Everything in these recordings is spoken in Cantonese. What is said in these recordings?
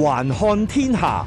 環看天下。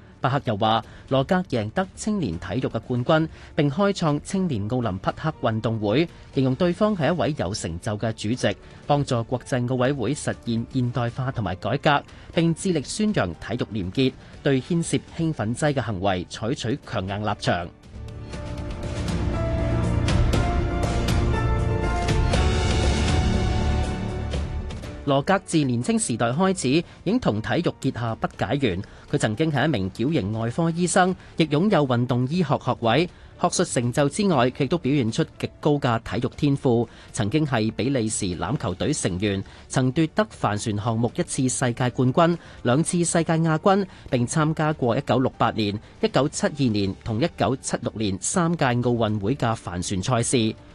巴赫又話：羅格贏得青年體育嘅冠軍，並開創青年奧林匹克運動會，形容對方係一位有成就嘅主席，幫助國際奧委會實現現代化同埋改革，並致力宣揚體育廉潔，對牽涉興奮劑嘅行為採取強硬立場。羅格自年青時代開始，已經同體育結下不解緣。佢曾經係一名矯形外科醫生，亦擁有運動醫學學位。學術成就之外，佢都表現出極高嘅體育天賦。曾經係比利時欖球隊成員，曾奪得帆船項目一次世界冠軍、兩次世界亞軍，並參加過一九六八年、一九七二年同一九七六年三屆奧運會嘅帆船賽事。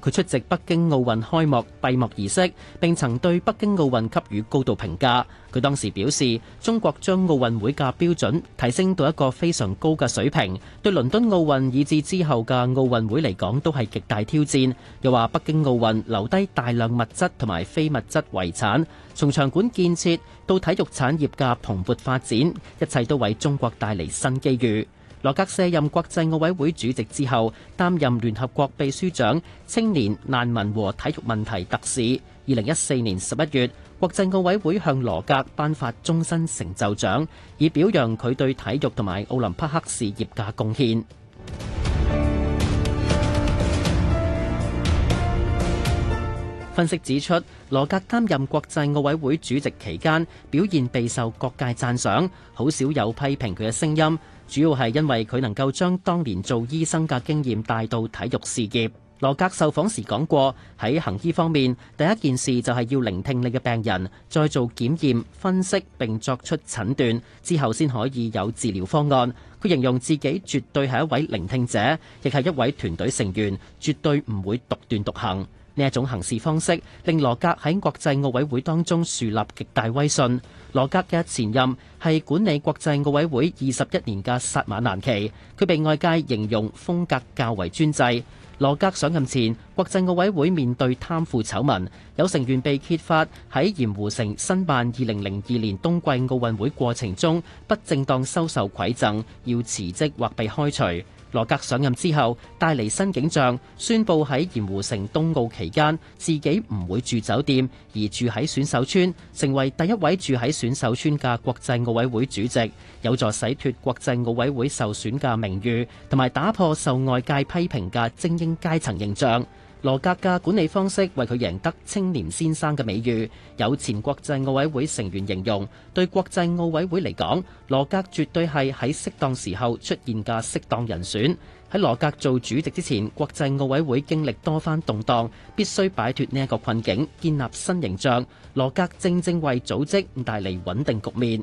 佢出席北京奧運開幕閉幕儀式，並曾對北京奧運給予高度評價。佢當時表示，中國將奧運會嘅標準提升到一個非常高嘅水平，對倫敦奧運以至之後嘅奧運會嚟講都係極大挑戰。又話北京奧運留低大量物質同埋非物質遺產，從場館建設到體育產業嘅蓬勃發展，一切都為中國帶嚟新機遇。羅格卸任國際奧委會主席之後，擔任聯合國秘書長、青年難民和體育問題特使。二零一四年十一月，國際奧委會向羅格頒發終身成就獎，以表揚佢對體育同埋奧林匹克事業嘅貢獻。分析指出，羅格擔任國際奧委會主席期間表現備受各界讚賞，好少有批評佢嘅聲音。主要係因為佢能夠將當年做醫生嘅經驗帶到體育事業。羅格受訪時講過，喺行醫方面，第一件事就係要聆聽你嘅病人，再做檢驗分析，並作出診斷之後先可以有治療方案。佢形容自己絕對係一位聆聽者，亦係一位團隊成員，絕對唔會獨斷獨行。呢一種行事方式令羅格喺國際奧委會當中樹立極大威信。羅格嘅前任係管理國際奧委會二十一年嘅薩馬蘭奇，佢被外界形容風格較為專制。羅格上任前，國際奧委會面對貪腐醜聞，有成員被揭發喺鹽湖城申辦二零零二年冬季奧運會過程中不正當收受饋贈，要辭職或被開除。羅格上任之後，帶嚟新景象，宣布喺鹽湖城冬奧期間自己唔會住酒店，而住喺選手村，成為第一位住喺選手村嘅國際奧委會主席，有助洗脫國際奧委會受損嘅名譽，同埋打破受外界批評嘅精英階層形象。羅格嘅管理方式為佢贏得清廉先生嘅美譽。有前國際奧委會成員形容，對國際奧委會嚟講，羅格絕對係喺適當時候出現嘅適當人選。喺羅格做主席之前，國際奧委會經歷多番動盪，必須擺脫呢一個困境，建立新形象。羅格正正為組織帶嚟穩定局面。